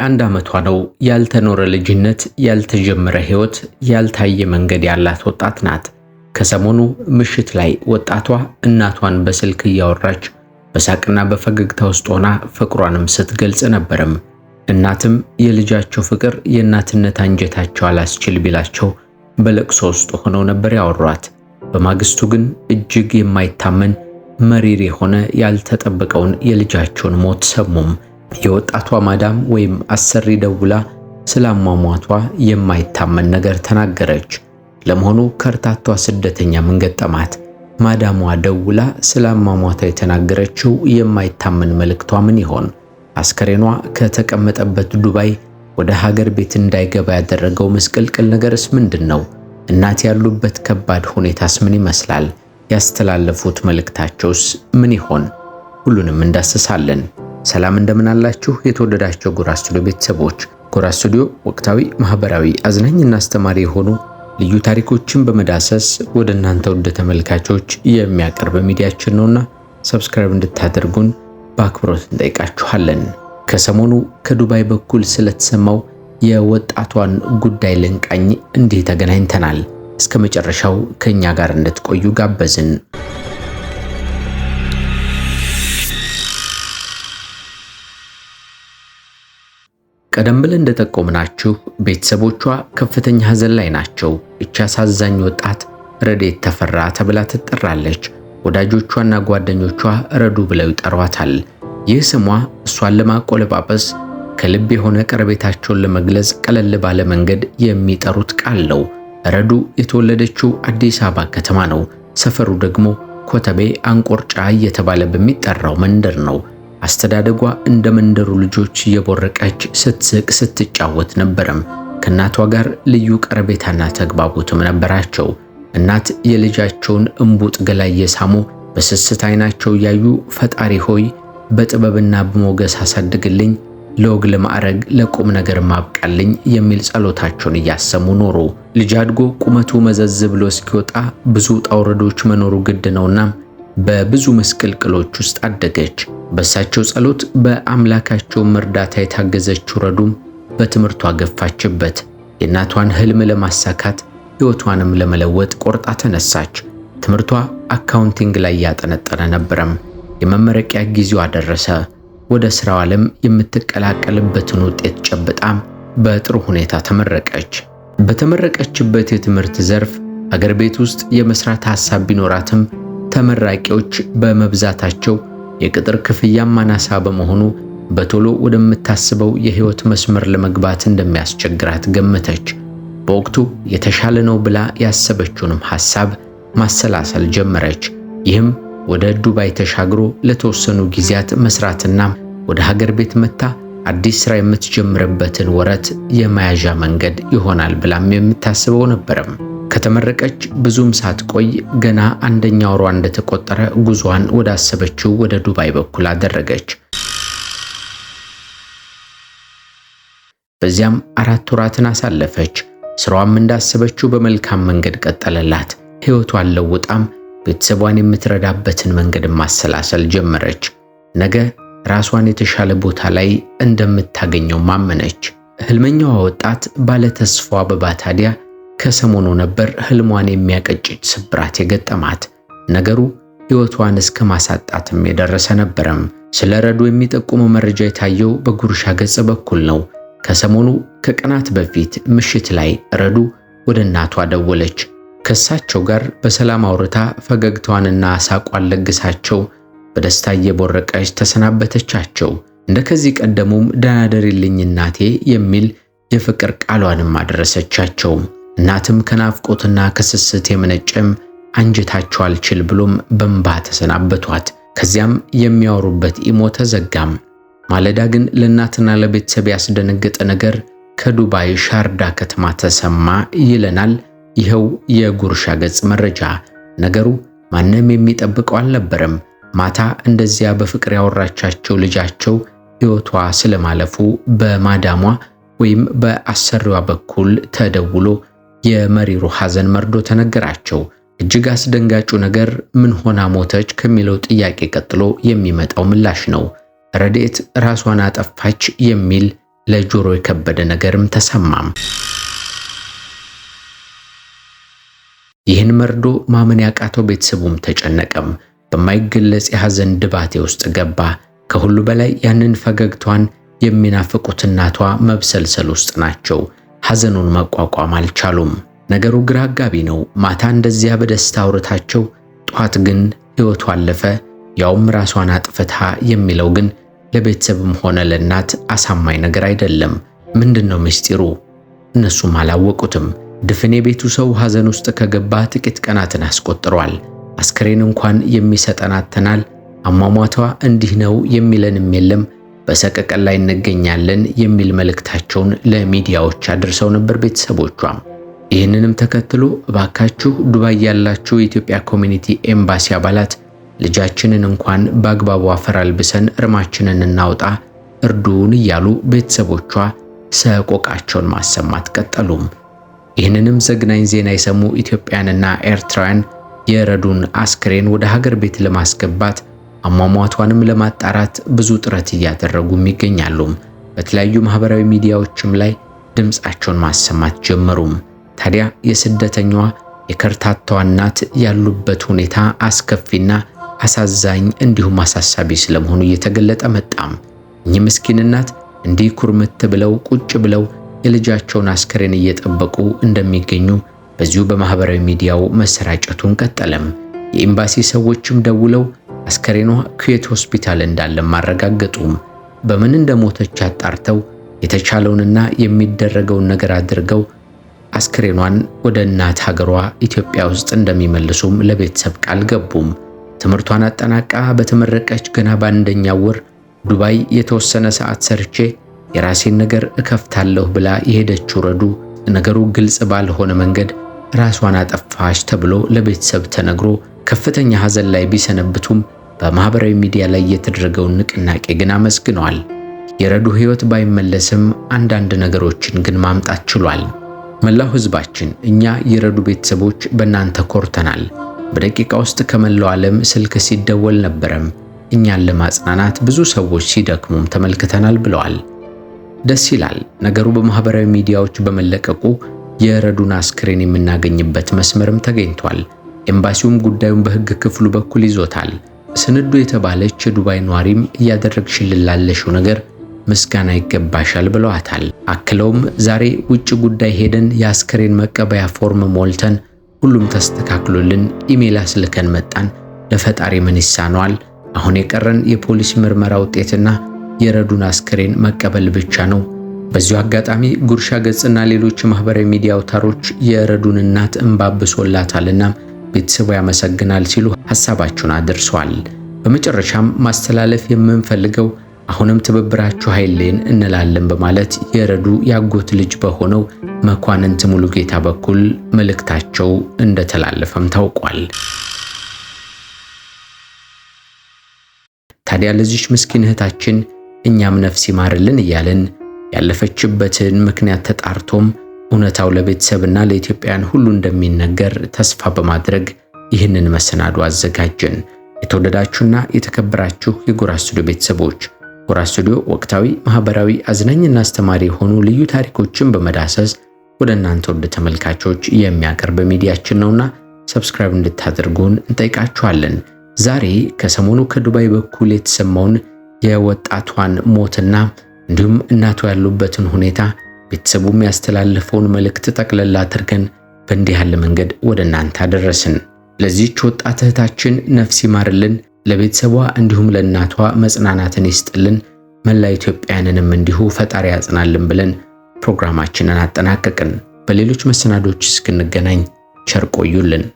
21 ዓመቷ ነው። ያልተኖረ ልጅነት፣ ያልተጀመረ ህይወት፣ ያልታየ መንገድ ያላት ወጣት ናት። ከሰሞኑ ምሽት ላይ ወጣቷ እናቷን በስልክ እያወራች በሳቅና በፈገግታ ውስጥ ሆና ፍቅሯንም ስትገልጽ ነበርም። እናትም የልጃቸው ፍቅር የእናትነት አንጀታቸው አላስችል ቢላቸው በለቅሶ ውስጥ ሆነው ነበር ያወሯት። በማግስቱ ግን እጅግ የማይታመን መሪር የሆነ ያልተጠበቀውን የልጃቸውን ሞት ሰሙም። የወጣቷ ማዳም ወይም አሰሪ ደውላ ስላሟሟቷ የማይታመን ነገር ተናገረች። ለመሆኑ ከርታቷ ስደተኛ ምን ገጠማት? ማዳሟ ደውላ ስላሟሟቷ የተናገረችው የማይታመን መልእክቷ ምን ይሆን? አስከሬኗ ከተቀመጠበት ዱባይ ወደ ሀገር ቤት እንዳይገባ ያደረገው መስቀልቅል ነገርስ ምንድን ነው? እናት ያሉበት ከባድ ሁኔታስ ምን ይመስላል? ያስተላለፉት መልእክታቸውስ ምን ይሆን? ሁሉንም እንዳስሳለን። ሰላም እንደምን አላችሁ? የተወደዳቸው ጎራ ስቱዲዮ ቤተሰቦች፣ ጎራ ስቱዲዮ ወቅታዊ፣ ማህበራዊ፣ አዝናኝና አስተማሪ የሆኑ ልዩ ታሪኮችን በመዳሰስ ወደ እናንተ ወደ ተመልካቾች የሚያቀርብ ሚዲያችን ነውና ሰብስክራይብ እንድታደርጉን በአክብሮት እንጠይቃችኋለን። ከሰሞኑ ከዱባይ በኩል ስለተሰማው የወጣቷን ጉዳይ ልንቃኝ እንዲህ ተገናኝተናል። እስከ መጨረሻው ከእኛ ጋር እንድትቆዩ ጋበዝን። ቀደም ብለን እንደጠቆምናችሁ ቤተሰቦቿ ከፍተኛ ሐዘን ላይ ናቸው። እቺ አሳዛኝ ወጣት ረዴት ተፈራ ተብላ ትጠራለች። ወዳጆቿና ጓደኞቿ ረዱ ብለው ይጠሯታል። ይህ ስሟ እሷን ለማቆለጳጰስ ከልብ የሆነ ቀረቤታቸውን ለመግለጽ ቀለል ባለ መንገድ የሚጠሩት ቃል ነው። ረዱ የተወለደችው አዲስ አበባ ከተማ ነው። ሰፈሩ ደግሞ ኮተቤ አንቆርጫ እየተባለ በሚጠራው መንደር ነው። አስተዳደጓ እንደ መንደሩ ልጆች እየቦረቀች ስትስቅ ስትጫወት ነበረም። ከእናቷ ጋር ልዩ ቀረቤታና ተግባቦትም ነበራቸው። እናት የልጃቸውን እምቡጥ ገላ እየሳሙ በስስት ዓይናቸው እያዩ ፈጣሪ ሆይ በጥበብና በሞገስ አሳድግልኝ፣ ለወግ ለማዕረግ፣ ለቁም ነገር ማብቃልኝ የሚል ጸሎታቸውን እያሰሙ ኖሩ። ልጅ አድጎ ቁመቱ መዘዝ ብሎ እስኪወጣ ብዙ ውጣ ውረዶች መኖሩ ግድ ነውና በብዙ መስቅልቅሎች ውስጥ አደገች። በእሳቸው ጸሎት በአምላካቸው እርዳታ የታገዘችው ረዱም በትምህርቷ ገፋችበት። የእናቷን ህልም ለማሳካት ሕይወቷንም ለመለወጥ ቆርጣ ተነሳች። ትምህርቷ አካውንቲንግ ላይ ያጠነጠነ ነበረም። የመመረቂያ ጊዜዋ ደረሰ። ወደ ስራው ዓለም የምትቀላቀልበትን ውጤት ጨብጣም በጥሩ ሁኔታ ተመረቀች። በተመረቀችበት የትምህርት ዘርፍ አገር ቤት ውስጥ የመስራት ሐሳብ ቢኖራትም ተመራቂዎች በመብዛታቸው የቅጥር ክፍያም አናሳ በመሆኑ በቶሎ ወደምታስበው የህይወት መስመር ለመግባት እንደሚያስቸግራት ገመተች። በወቅቱ የተሻለ ነው ብላ ያሰበችውንም ሐሳብ ማሰላሰል ጀመረች። ይህም ወደ ዱባይ ተሻግሮ ለተወሰኑ ጊዜያት መስራትና ወደ ሀገር ቤት መታ አዲስ ስራ የምትጀምርበትን ወረት የመያዣ መንገድ ይሆናል ብላም የምታስበው ነበረም። ከተመረቀች ብዙም ሳትቆይ ገና አንደኛ ወሯ እንደተቆጠረ ጉዟን ወዳሰበችው ወደ ዱባይ በኩል አደረገች። በዚያም አራት ወራትን አሳለፈች። ስራዋም እንዳሰበችው በመልካም መንገድ ቀጠለላት። ህይወቷን ለውጣም ቤተሰቧን የምትረዳበትን መንገድ ማሰላሰል ጀመረች። ነገ ራሷን የተሻለ ቦታ ላይ እንደምታገኘው ማመነች። ህልመኛዋ ወጣት ባለተስፋዋ አበባ ታዲያ ከሰሞኑ ነበር ህልሟን የሚያቀጭጭ ስብራት የገጠማት። ነገሩ ህይወቷን እስከ ማሳጣትም የደረሰ ነበረም። ስለ ረዱ የሚጠቁሙ መረጃ የታየው በጉርሻ ገጽ በኩል ነው። ከሰሞኑ ከቀናት በፊት ምሽት ላይ ረዱ ወደ እናቷ ደወለች። ከእሳቸው ጋር በሰላም አውርታ ፈገግታዋንና ሳቋን ለግሳቸው በደስታ እየቦረቀች ተሰናበተቻቸው። እንደከዚህ ቀደሙም ደህና ደሪልኝ እናቴ የሚል የፍቅር ቃሏንም አደረሰቻቸው። እናትም ከናፍቆትና ከስስት የመነጨም አንጀታቸው አልችል ብሎም በንባ ተሰናበቷት። ከዚያም የሚያወሩበት ኢሞ ተዘጋም። ማለዳ ግን ለእናትና ለቤተሰብ ያስደነገጠ ነገር ከዱባይ ሻርዳ ከተማ ተሰማ ይለናል ይኸው የጉርሻ ገጽ መረጃ። ነገሩ ማንም የሚጠብቀው አልነበረም። ማታ እንደዚያ በፍቅር ያወራቻቸው ልጃቸው ሕይወቷ ስለማለፉ በማዳሟ ወይም በአሰሪዋ በኩል ተደውሎ የመሪሩ ሐዘን መርዶ ተነገራቸው። እጅግ አስደንጋጩ ነገር ምን ሆና ሞተች ከሚለው ጥያቄ ቀጥሎ የሚመጣው ምላሽ ነው። ረዴት ራሷን አጠፋች የሚል ለጆሮ የከበደ ነገርም ተሰማም። ይህን መርዶ ማመን ያቃተው ቤተሰቡም ተጨነቀም። በማይገለጽ የሐዘን ድባቴ ውስጥ ገባ። ከሁሉ በላይ ያንን ፈገግቷን የሚናፍቁት እናቷ መብሰልሰል ውስጥ ናቸው። ሐዘኑን መቋቋም አልቻሉም። ነገሩ ግራ አጋቢ ነው። ማታ እንደዚያ በደስታ አውርታቸው፣ ጧት ግን ሕይወቱ አለፈ፣ ያውም ራሷን አጥፍታ የሚለው ግን ለቤተሰብም ሆነ ለእናት አሳማኝ ነገር አይደለም። ምንድነው ምስጢሩ? እነሱም አላወቁትም። ድፍን የቤቱ ሰው ሐዘን ውስጥ ከገባ ጥቂት ቀናትን አስቆጥሯል። አስክሬን እንኳን የሚሰጠን አጥተናል፣ አሟሟቷ እንዲህ ነው የሚለንም የለም በሰቀቀን ላይ እንገኛለን የሚል መልእክታቸውን ለሚዲያዎች አድርሰው ነበር ቤተሰቦቿ። ይህንንም ተከትሎ እባካችሁ ዱባይ ያላችሁ የኢትዮጵያ ኮሚኒቲ ኤምባሲ አባላት ልጃችንን እንኳን በአግባቡ አፈር አልብሰን እርማችንን እናውጣ እርዱን እያሉ ቤተሰቦቿ ሰቆቃቸውን ማሰማት ቀጠሉም። ይህንንም ዘግናኝ ዜና የሰሙ ኢትዮጵያንና ኤርትራውያን የረዱን አስክሬን ወደ ሀገር ቤት ለማስገባት አሟሟቷንም ለማጣራት ብዙ ጥረት እያደረጉም ይገኛሉ። በተለያዩ ማህበራዊ ሚዲያዎችም ላይ ድምፃቸውን ማሰማት ጀመሩም። ታዲያ የስደተኛዋ የከርታታዋ እናት ያሉበት ሁኔታ አስከፊና አሳዛኝ እንዲሁም አሳሳቢ ስለመሆኑ እየተገለጠ መጣም። እኚህ ምስኪን እናት እንዲህ ኩርምት ብለው ቁጭ ብለው የልጃቸውን አስከሬን እየጠበቁ እንደሚገኙ በዚሁ በማህበራዊ ሚዲያው መሰራጨቱን ቀጠለም። የኤምባሲ ሰዎችም ደውለው አስከሬኗ ኩዌት ሆስፒታል እንዳለም ማረጋገጡም በምን እንደሞተች አጣርተው የተቻለውንና የሚደረገውን ነገር አድርገው አስክሬኗን ወደ እናት ሀገሯ ኢትዮጵያ ውስጥ እንደሚመልሱም ለቤተሰብ ቃል ገቡም። ትምህርቷን አጠናቃ በተመረቀች ገና በአንደኛ ወር ዱባይ የተወሰነ ሰዓት ሰርቼ የራሴን ነገር እከፍታለሁ ብላ የሄደችው ረዱ ነገሩ ግልጽ ባልሆነ መንገድ ራሷን አጠፋች ተብሎ ለቤተሰብ ተነግሮ ከፍተኛ ሐዘን ላይ ቢሰነብቱም በማኅበራዊ ሚዲያ ላይ የተደረገውን ንቅናቄ ግን አመስግነዋል። የረዱ ሕይወት ባይመለስም አንዳንድ ነገሮችን ግን ማምጣት ችሏል። መላው ሕዝባችን እኛ የረዱ ቤተሰቦች በእናንተ ኮርተናል። በደቂቃ ውስጥ ከመላው ዓለም ስልክ ሲደወል ነበረም። እኛን ለማጽናናት ብዙ ሰዎች ሲደክሙም ተመልክተናል ብለዋል። ደስ ይላል። ነገሩ በማኅበራዊ ሚዲያዎች በመለቀቁ የረዱን አስክሬን የምናገኝበት መስመርም ተገኝቷል። ኤምባሲውም ጉዳዩን በሕግ ክፍሉ በኩል ይዞታል። ስንዱ የተባለች የዱባይ ነዋሪም እያደረግሽልን ነገር ምስጋና ይገባሻል ብለዋታል። አክለውም ዛሬ ውጭ ጉዳይ ሄደን የአስከሬን መቀበያ ፎርም ሞልተን ሁሉም ተስተካክሎልን ኢሜል አስልከን መጣን። ለፈጣሪ ምን ይሳነዋል? አሁን የቀረን የፖሊስ ምርመራ ውጤትና የረዱን አስከሬን መቀበል ብቻ ነው። በዚሁ አጋጣሚ ጉርሻ ገጽና ሌሎች ማህበራዊ ሚዲያ አውታሮች የረዱን እናት እንባብሶላታልና ቤተሰቡ ያመሰግናል ሲሉ ሐሳባችሁን አድርሷል። በመጨረሻም ማስተላለፍ የምንፈልገው አሁንም ትብብራችሁ ኃይሌን እንላለን በማለት የረዱ ያጎት ልጅ በሆነው መኳንንት ሙሉ ጌታ በኩል መልእክታቸው እንደተላለፈም ታውቋል። ታዲያ ለዚች ምስኪን እህታችን እኛም ነፍስ ይማርልን እያልን ያለፈችበትን ምክንያት ተጣርቶም እውነታው ለቤተሰብና ለኢትዮጵያውያን ሁሉ እንደሚነገር ተስፋ በማድረግ ይህንን መሰናዶ አዘጋጀን። የተወደዳችሁና የተከበራችሁ የጎራ ስቱዲዮ ቤተሰቦች ጎራ ስቱዲዮ ወቅታዊ፣ ማህበራዊ፣ አዝናኝና አስተማሪ የሆኑ ልዩ ታሪኮችን በመዳሰስ ወደ እናንተ ወደ ተመልካቾች የሚያቀርብ ሚዲያችን ነውና ሰብስክራይብ እንድታደርጉን እንጠይቃችኋለን። ዛሬ ከሰሞኑ ከዱባይ በኩል የተሰማውን የወጣቷን ሞትና እንዲሁም እናቱ ያሉበትን ሁኔታ ቤተሰቡም ያስተላለፈውን መልእክት ጠቅለላ አድርገን በእንዲህ ያለ መንገድ ወደ እናንተ አደረስን። ለዚች ወጣት እህታችን ነፍስ ይማርልን፣ ለቤተሰቧ እንዲሁም ለእናቷ መጽናናትን ይስጥልን፣ መላ ኢትዮጵያውያንንም እንዲሁ ፈጣሪ ያጽናልን ብለን ፕሮግራማችንን አጠናቀቅን። በሌሎች መሰናዶች እስክንገናኝ ቸር ቆዩልን።